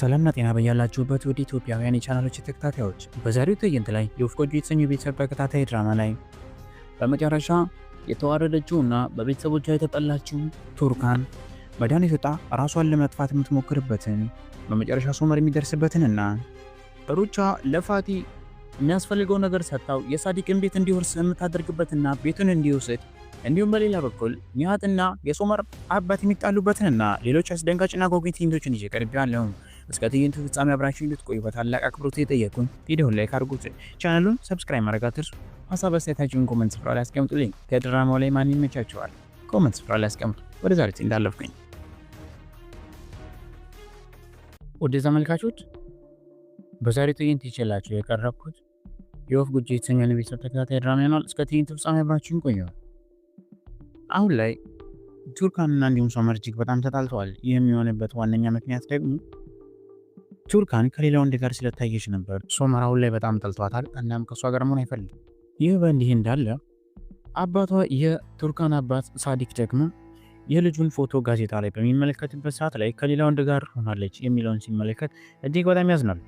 ሰላምና ጤና በያላችሁበት ውድ ኢትዮጵያውያን የቻናሎች ተከታታዮች፣ በዛሬው ትዕይንት ላይ የወፍ ጎጆ የተሰኘው ቤተሰብ ተከታታይ ድራማ ላይ በመጨረሻ የተዋረደችው እና በቤተሰቦቿ የተጠላችው ቱርካን መድኃኒት ወጣ ራሷን ለመጥፋት የምትሞክርበትን በመጨረሻ ሶመር የሚደርስበትንና በሩቻ ለፋቲ የሚያስፈልገው ነገር ሰጥታው የሳዲቅን ቤት እንዲወርስ የምታደርግበትና ቤቱን እንዲወስድ እንዲሁም በሌላ በኩል ኒሃትና የሶመር አባት የሚጣሉበትንና ሌሎች አስደንጋጭና አጓጊ ትዕይንቶችን ይዤ ቀርቤያለሁ። እስከ ትዕይንቱ ፍጻሜ አብራችሁ እንድትቆዩ በታላቅ አክብሮት የጠየቁን ቪዲዮን ላይክ አድርጉት፣ ቻናሉን ሰብስክራይብ ማድረግ አትርሱ። ሀሳብ አስተያየታችሁን ኮመንት ስፍራ ላይ አስቀምጡልኝ። ከድራማው ላይ ማን ይመቻችኋል? ኮመንት ስፍራ ላይ አስቀምጡ። ወደ ዛሬ እንዳለፍኩኝ ወደ ተመልካቾች በዛሬ ትዕይንት ይችላችሁ የቀረብኩት የወፍ ጉጂ የተሰኘ ቤተሰብ ተከታታይ ድራማ ይሆናል። እስከ ትዕይንት ፍጻሜ አብራችሁን ቆዩ። አሁን ላይ ቱርካንና እንዲሁም ሶመር እጅግ በጣም ተጣልተዋል። ይህም የሆነበት ዋነኛ ምክንያት ደግሞ ቱርካን ከሌላ ወንድ ጋር ስለታየች ነበር ሶመራውን ላይ በጣም ጠልቷታል። እናም ከእሷ ጋር መሆን አይፈልግም። ይህ በእንዲህ እንዳለ አባቷ የቱርካን አባት ሳዲክ ደግሞ የልጁን ፎቶ ጋዜጣ ላይ በሚመለከትበት ሰዓት ላይ ከሌላ ወንድ ጋር ሆናለች የሚለውን ሲመለከት እጅግ በጣም ያዝናል።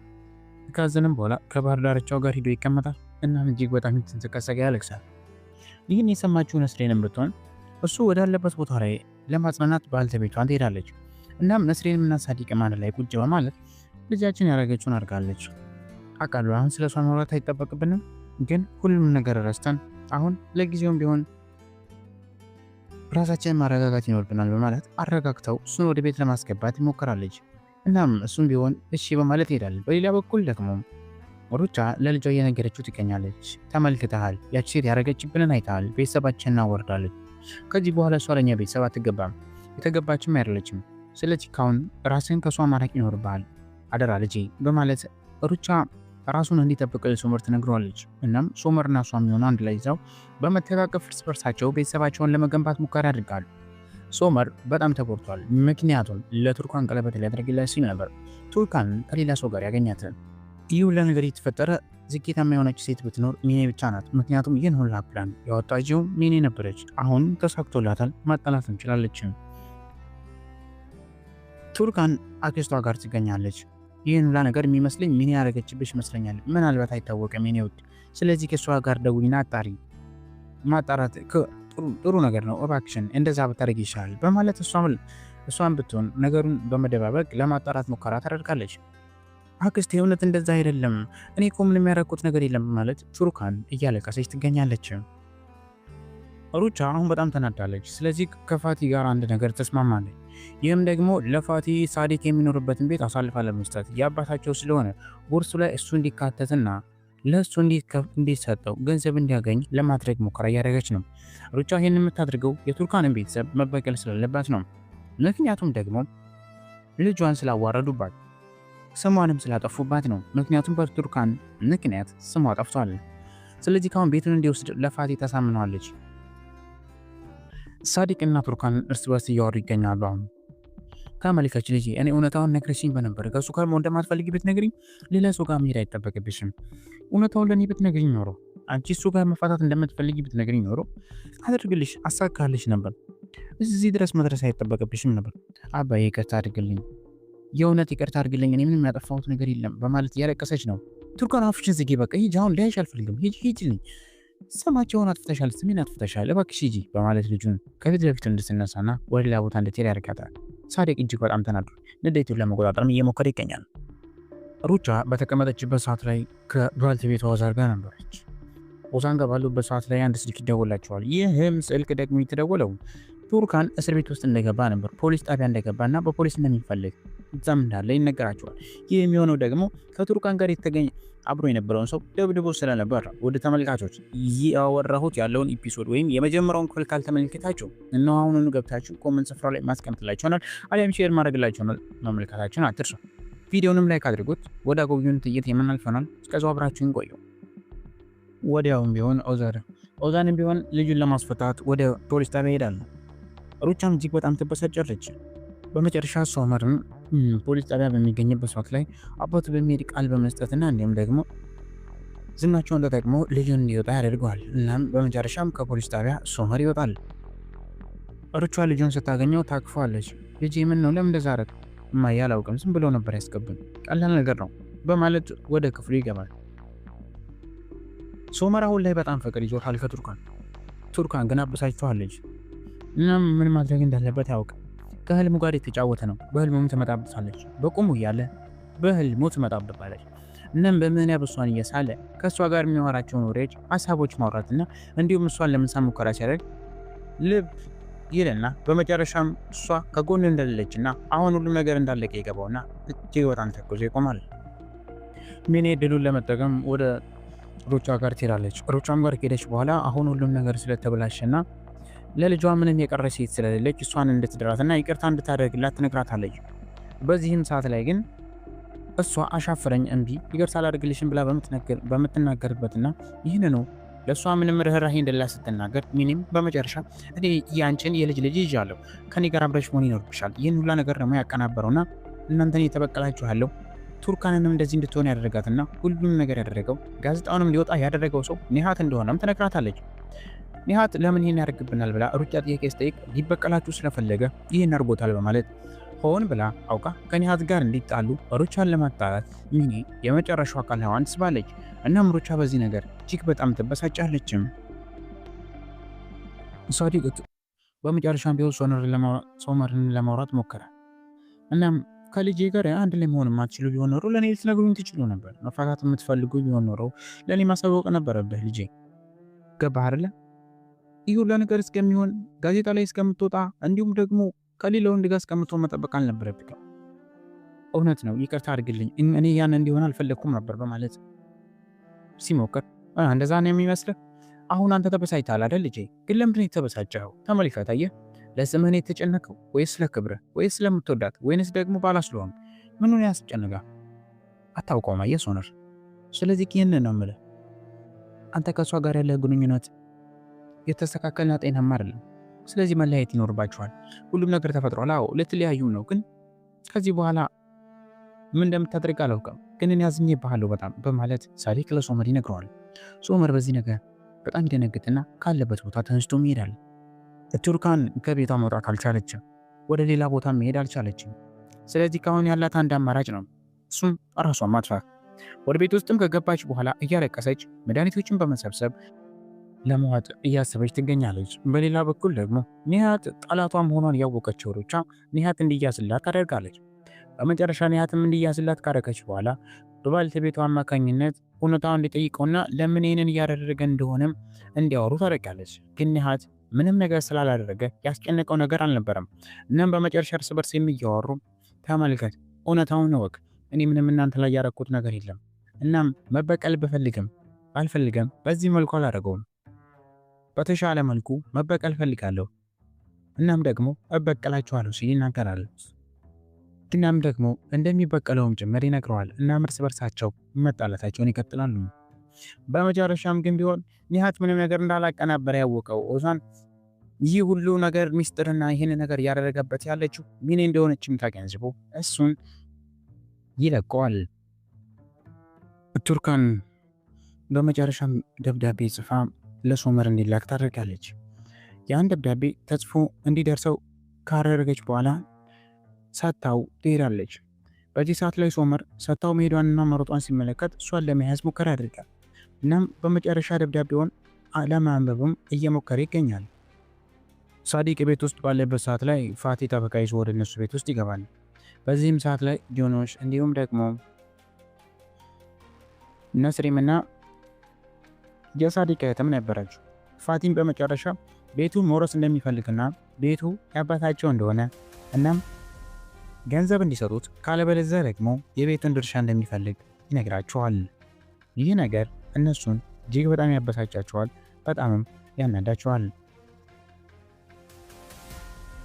ካዘንም በኋላ ከባህር ዳርቻው ጋር ሂዶ ይቀመጣል። እናም እጅግ በጣም የተንሰቀሰቀ ያለቅሳል። ይህን የሰማችው ነስሬንም ብትሆን እሱ ወዳለበት ቦታ ላይ ለማጽናናት ባለቤቷን ትሄዳለች። እናም ነስሬንም እና ሳዲቅም አንድ ላይ ቁጭ በማለት ልጃችን ያደረገችውን አድርጋለች። አቃሉ አሁን ስለ እሷ ማውራት አይጠበቅብንም፣ ግን ሁሉም ነገር ረስተን አሁን ለጊዜውም ቢሆን ራሳችንን ማረጋጋት ይኖርብናል በማለት አረጋግተው እሱን ወደ ቤት ለማስገባት ይሞከራለች። እናም እሱም ቢሆን እሺ በማለት ይሄዳል። በሌላ በኩል ደግሞ ሩቻ ለልጇ እየነገረችው ትገኛለች። ተመልክተሃል፣ ያቺ ሴት ያደረገችብንን አይተሃል፣ ቤተሰባችን እናወርዳለች። ከዚህ በኋላ እሷ ለእኛ ቤተሰብ አትገባም፣ የተገባችም አይደለችም። ስለዚህ ካሁን ራስን ከእሷ ማራቅ ይኖርብሃል። አደራ ልጄ በማለት ሩቻ ራሱን እንዲጠብቅ ሶመር ትነግረዋለች። እናም ሶመርና እሷም የሆነ አንድ ላይ ይዘው በመተቃቀፍ እርስ በርሳቸው ቤተሰባቸውን ለመገንባት ሙከራ ያደርጋሉ። ሶመር በጣም ተጎድቷል። ምክንያቱም ለቱርካን ቀለበት ሊያደርግላት ሲል ነበር ቱርካን ከሌላ ሰው ጋር ያገኛታል። ይህ ለነገር የተፈጠረ ዝጌታማ የሆነች ሴት ብትኖር ሚኔ ብቻ ናት። ምክንያቱም ይህን ሁላ ፕላን ያወጣችው ሚኔ ነበረች። አሁን ተሳክቶላታል። ማጣላት እንችላለችም። ቱርካን አክስቷ ጋር ትገኛለች። ይህን ሁላ ነገር የሚመስለኝ ምን ያደረገችብሽ ይመስለኛል። ምናልባት አይታወቅም የኔ ውድ። ስለዚህ ከእሷ ጋር ደውይና አጣሪ። ማጣራት ጥሩ ነገር ነው። እባክሽን እንደዛ ብታደርግ ይሻላል በማለት እሷን ብትሆን ነገሩን በመደባበቅ ለማጣራት ሙከራ ታደርጋለች። አክስት እውነት እንደዛ አይደለም፣ እኔ እኮ ምንም ያደረኩት ነገር የለም ማለት ቹሩካን እያለቀሰች ትገኛለች። ሩቻ አሁን በጣም ተናዳለች። ስለዚህ ከፋቲ ጋር አንድ ነገር ተስማማለች። ይህም ደግሞ ለፋቲ ሳዲቅ የሚኖርበትን ቤት አሳልፋ ለመስጠት የአባታቸው ስለሆነ ውርሱ ላይ እሱ እንዲካተትና ለእሱ እንዲሰጠው ገንዘብ እንዲያገኝ ለማድረግ ሙከራ እያደረገች ነው። ሩጫ ይህን የምታደርገው የቱርካንን ቤተሰብ መበቀል ስላለባት ነው። ምክንያቱም ደግሞ ልጇን ስላዋረዱባት ስሟንም ስላጠፉባት ነው። ምክንያቱም በቱርካን ምክንያት ስሟ ጠፍቷል። ስለዚህ ካሁን ቤቱን እንዲወስድ ለፋቲ ተሳምነዋለች። ሳዲቅ እና ቱርካን እርስ በርስ እያወሩ ይገኛሉ። አሁን ተመልከች ልጅ፣ እኔ እውነታውን ነግረሽኝ በነበር ከሱ ጋር መሆን እንደማትፈልጊ ብትነግሪኝ ሌላ ሰው ጋር መሄድ አይጠበቅብሽም። እውነታውን ለእኔ ብትነግሪኝ ኖሮ አንቺ እሱ ጋር መፋታት እንደምትፈልጊ ብትነግሪኝ ኖሮ አድርግልሽ አሳካልሽ ነበር። እዚህ ድረስ መድረስ አይጠበቅብሽም ነበር። አባዬ ይቅርታ አድርግልኝ፣ የእውነት ይቅርታ አድርግልኝ፣ እኔ ምንም ያጠፋሁት ነገር የለም በማለት እያለቀሰች ነው። ቱርካን አፍሽን ዝጊ፣ በቃ ሂጅ፣ አሁን ሊያይሽ አልፈልግም፣ ሂጅ ሂጅልኝ ስማቸውን አጥፍተሻል፣ ስሜን አጥፍተሻል፣ እባክሽ ሂጂ በማለት ልጁን ከፊት ለፊቱ እንድትነሳና ወደ ሌላ ቦታ እንድትሄድ ያደርጋታል። ሳዲቅ እጅግ በጣም ተናዱ፣ ንዴቱን ለመቆጣጠርም እየሞከረ ይገኛል። ሩቻ በተቀመጠችበት ሰዓት ላይ ቤቷ ዋዛር ጋር ነበረች። ኦዛን ጋር ባሉበት ሰዓት ላይ አንድ ስልክ ይደወላቸዋል። ይህም ስልክ ደግሞ የተደወለው ቱርካን እስር ቤት ውስጥ እንደገባ ነበር። ፖሊስ ጣቢያ እንደገባ እና በፖሊስ እንደሚፈልግ እዛም እንዳለ ይነገራቸዋል። ይህ የሚሆነው ደግሞ ከቱርካን ጋር የተገኘ አብሮ የነበረውን ሰው ደብድቦ ስለነበር። ወደ ተመልካቾች ያወራሁት ያለውን ኢፒሶድ ወይም የመጀመሪያውን ክፍል ካልተመለከታችሁ እነሆ አሁኑኑ ገብታችሁ ኮመንት ስፍራ ላይ ማስቀምጥላችሁ ይሆናል፣ አሊያም ሼር ማድረግላችሁ ይሆናል። መመልከታችሁን አትርሱ። ቪዲዮንም ላይክ አድርጉት። ወደ አጎብዩን ጥይት የምናልፍ ይሆናል። እስከዚያው አብራችሁን ቆዩ። ወዲያውም ቢሆን ኦዘር ኦዛንም ቢሆን ልጁን ለማስፈታት ወደ ፖሊስ ጣቢያ ይሄዳሉ። ሩቻም እጅግ በጣም ትበሳጫለች። በመጨረሻ ሶመርም ፖሊስ ጣቢያ በሚገኝበት ሰዋት ላይ አባቱ በሚሄድ ቃል በመስጠትና እንዲሁም ደግሞ ዝናቸውን ተጠቅሞ ልጁን እንዲወጣ ያደርገዋል። እናም በመጨረሻም ከፖሊስ ጣቢያ ሶመር ይወጣል። እሮቿ ልጁን ስታገኘው ታክፏለች ልጅ ምን ነው ለምን እንደዛ አደረግ? እማዬ አላውቅም ዝም ብሎ ነበር ያስገብም ቀላል ነገር ነው በማለት ወደ ክፍሉ ይገባል። ሶመር አሁን ላይ በጣም ፍቅር ይዞታል ከቱርካን። ቱርካን ግን አበሳጭተዋለች። እናም ምን ማድረግ እንዳለበት ያውቅ ከህልሙ ጋር የተጫወተ ነው። በህልሙም ትመጣብሳለች። በቁሙ እያለ በህልሙ ትመጣብባለች። እናም በምክንያት እሷን እየሳለ ከእሷ ጋር የሚያወራቸውን ወሬዎች፣ ሀሳቦች ማውራትና እንዲሁም እሷን ለምንሳ ሙከራ ሲያደርግ ልብ ይልና በመጨረሻም እሷ ከጎን እንደሌለችና አሁን ሁሉም ነገር እንዳለቀ ይገባውና እጅግ በጣም ተኩዞ ይቆማል። ሚኔ ድሉን ለመጠቀም ወደ ሩጫ ጋር ትሄዳለች። ሩጫም ጋር ከሄደች በኋላ አሁን ሁሉም ነገር ስለተበላሸና ለልጇ ምንም የቀረ ሴት ስለሌለች እሷን እንድትድራትና ይቅርታ እንድታደርግላት ትነግራታለች። በዚህም ሰዓት ላይ ግን እሷ አሻፈረኝ፣ እምቢ፣ ይቅርታ አላደርግልሽም ብላ በምትናገርበትና ይህንኑ ለእሷ ምንም ርኅራሄ እንደላ ስትናገር ሚኒም በመጨረሻ እኔ ያንቺን የልጅ ልጅ ይዣለሁ፣ ከኔ ጋር አብረሽ መሆን ይኖርብሻል። ይህን ሁላ ነገር ደግሞ ያቀናበረውና እናንተን የተበቀላችኋለሁ ቱርካንንም እንደዚህ እንድትሆን ያደረጋትና ሁሉም ነገር ያደረገው ጋዜጣውንም ሊወጣ ያደረገው ሰው ኒሃት እንደሆነም ትነግራታለች። ኒሃት ለምን ይህን ያደርግብናል ብላ ሩጫ ጥያቄ ስጠይቅ ሊበቀላችሁ ስለፈለገ ይህን አድርጎታል በማለት ሆን ብላ አውቃ ከኒሃት ጋር እንዲጣሉ ሩቻን ለማጣላት ሚኒ የመጨረሻው አካል ሔዋን ትስባለች። እናም ሩቻ በዚህ ነገር እጅግ በጣም ትበሳጫለችም። ሳዲቅት በመጨረሻ ቢሆን ሶመርን ለማውራት ሞከረ። እናም ከልጄ ጋር አንድ ላይ መሆን የማትችሉ ቢሆን ኖሮ ለእኔ ልትነግሩኝ ትችሉ ነበር። መፋታት የምትፈልጉ ቢሆን ኖሮ ለእኔ ማሳወቅ ነበረብህ ልጄ። ገባህ አይደለ? ይህ ሁሉ ነገር እስከሚሆን ጋዜጣ ላይ እስከምትወጣ እንዲሁም ደግሞ ከሌላ ወንድ ጋር እስከምትሆን መጠበቅ አልነበረብኝም። እውነት ነው፣ ይቅርታ አድርግልኝ፣ እኔ ያን እንዲሆን አልፈለግኩም ነበር በማለት ሲሞክር እንደዛ ነው የሚመስልህ? አሁን አንተ ተበሳጭተሃል አይደል ልጄ? ግን ለምንድን የተበሳጨኸው? ተመልከት፣ አየህ፣ ለስምህን የተጨነቀው ወይስ ለክብርህ ወይስ ስለምትወዳት ወይንስ ደግሞ ባላስለሆም ምኑን ያስጨንጋ? አታውቀውም። አየህ ሶነር፣ ስለዚህ ይህንን ነው የምልህ አንተ ከእሷ ጋር ያለህ ግንኙነት የተስተካከልና ጤናማ አይደለም። ስለዚህ መለያየት ይኖርባችኋል። ሁሉም ነገር ተፈጥሯል። አዎ ልትለያዩ ነው፣ ግን ከዚህ በኋላ ምን እንደምታደርግ አላውቅም፣ ግን እኔ አዝኜብሃለሁ በጣም በማለት ሳዲቅ ለሶመር ይነግረዋል። ሶመር በዚህ ነገር በጣም ይደነግጥና ካለበት ቦታ ተነስቶ ይሄዳል። ቱርካን ከቤቷ መውጣት አልቻለችም፣ ወደ ሌላ ቦታ መሄድ አልቻለችም። ስለዚህ ከአሁን ያላት አንድ አማራጭ ነው፣ እሱም ራሷን ማጥፋት። ወደ ቤት ውስጥም ከገባች በኋላ እያለቀሰች መድኃኒቶችን በመሰብሰብ ለመዋጥ እያሰበች ትገኛለች። በሌላ በኩል ደግሞ ኒሃት ጠላቷ መሆኗን ያወቀችው ሩቻ ኒሃት እንዲያስላት ታደርጋለች። በመጨረሻ ኒሃትም እንዲያስላት ካረገች በኋላ በባለቤቷ አማካኝነት እውነታውን እንዲጠይቀውና ለምን ይህንን እያደረገ እንደሆነም እንዲያወሩ ታደርጋለች። ግን ኒሃት ምንም ነገር ስላላደረገ ያስጨነቀው ነገር አልነበረም። እናም በመጨረሻ እርስ በርስ የሚያወሩ ተመልከት፣ እውነታውን እወቅ፣ እኔ ምንም እናንተ ላይ ያረኩት ነገር የለም። እናም መበቀል ብፈልግም አልፈልገም በዚህ መልኩ አላደረገውም በተሻለ መልኩ መበቀል ፈልጋለሁ እናም ደግሞ እበቀላችኋለሁ ሲል ይናገራል። እናም ደግሞ እንደሚበቀለውም ጭምር ይነግረዋል። እናም እርስ በርሳቸው መጣላታቸውን ይቀጥላሉ። በመጨረሻም ግን ቢሆን ኒሃት ምንም ነገር ነበር ያወቀው ኦዛን ይህ ሁሉ ነገር ሚስጥርና ይህን ነገር እያደረገበት ያለችው ሚኔ እንደሆነችም ተገንዝቦ እሱን ይለቀዋል። ቱርካን በመጨረሻም ደብዳቤ ጽፋ ለሶመር እንዲላክ ታደርጋለች። ያን ደብዳቤ ተጽፎ እንዲደርሰው ካደረገች በኋላ ሰታው ትሄዳለች። በዚህ ሰዓት ላይ ሶመር ሰታው መሄዷንና መሮጧን ሲመለከት እሷን ለመያዝ ሙከራ ያደርጋል። እናም በመጨረሻ ደብዳቤውን ለማንበብም እየሞከረ ይገኛል። ሳዲቅ ቤት ውስጥ ባለበት ሰዓት ላይ ፋቲ ጠበቃ ይዞ ወደ እነሱ ቤት ውስጥ ይገባል። በዚህም ሰዓት ላይ ጆኖሽ እንዲሁም ደግሞ ነስሪምና የሳዲቅ እህትም ነበረችው። ፋቲም በመጨረሻ ቤቱ መውረስ እንደሚፈልግና ቤቱ ያባታቸው እንደሆነ እናም ገንዘብ እንዲሰጡት ካለበለዚያ ደግሞ የቤቱን ድርሻ እንደሚፈልግ ይነግራቸዋል። ይህ ነገር እነሱን እጅግ በጣም ያበሳጫቸዋል፣ በጣምም ያናዳቸዋል።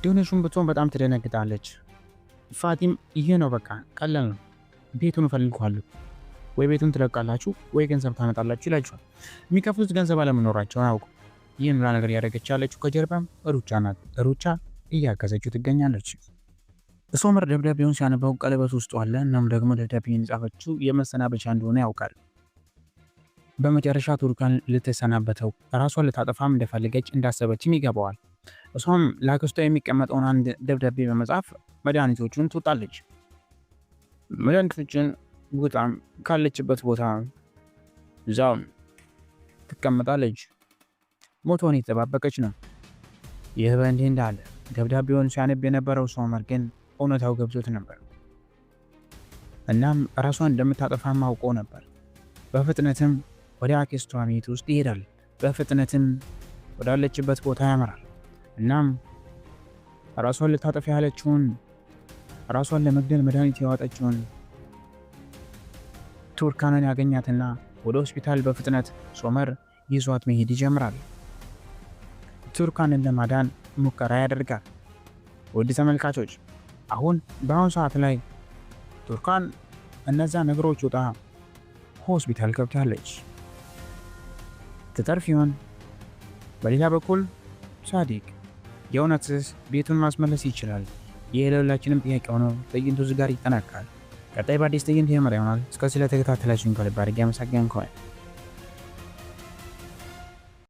ዲዮኔሹን ብትሆን በጣም ትደነግጣለች። ፋቲም ይህ ነው በቃ ቀለል ነው፣ ቤቱን እፈልገዋለሁ ወይ ቤቱን ትለቃላችሁ ወይ ገንዘብ ታመጣላችሁ ይላችኋል። የሚከፍሉት ገንዘብ አለመኖራቸውን አውቁ። ይህን ምላ ነገር እያደረገች ያለችው ከጀርባም ሩቻ ናት። ሩቻ እያገዘችው ትገኛለች። እሶመር ደብዳቤውን ሲያነበው ቀለበት ውስጡ አለ። እናም ደግሞ ደብዳቤውን የጻፈችው የመሰናበቻ እንደሆነ ያውቃል። በመጨረሻ ቱርካን ልትሰናበተው ራሷን ልታጠፋም እንደፈለገች እንዳሰበችም ይገባዋል። እሷም ለአክስቷ የሚቀመጠውን አንድ ደብዳቤ በመጻፍ መድኃኒቶቹን ትውጣለች። መድኃኒቶችን ጉጣም ካለችበት ቦታ እዛው ትቀመጣለች። ሞቷን የተጠባበቀች ነው። ይህ በእንዲህ እንዳለ ደብዳቤውን ሲያነብ የነበረው ሶመር ግን እውነታው ገብቶት ነበር። እናም ራሷን እንደምታጠፋ አውቆ ነበር። በፍጥነትም ወደ አኬስቷ ቤት ውስጥ ይሄዳል። በፍጥነትም ወዳለችበት ቦታ ያመራል። እናም ራሷን ልታጠፍ ያለችውን ራሷን ለመግደል መድኃኒት ያወጣችውን ቱርካንን ያገኛትና ወደ ሆስፒታል በፍጥነት ሶመር ይዟት መሄድ ይጀምራል። ቱርካንን ለማዳን ሙከራ ያደርጋል። ውድ ተመልካቾች አሁን በአሁኑ ሰዓት ላይ ቱርካን እነዛ ነገሮች ወጣ ሆስፒታል ገብታለች። ትተርፍ ይሆን? በሌላ በኩል ሳዲቅ የእውነትስ ቤቱን ማስመለስ ይችላል? ይህ ለሁላችንም ጥያቄ ሆኖ ትዕይንቱ እዚህ ጋር ይጠናቃል። ቀጣይ በአዲስ ትዕይንት የምራ ይሆናል። እስከዚህ ለተከታተላችሁኝ ከልብ አድርጌ አመሰግናለሁ።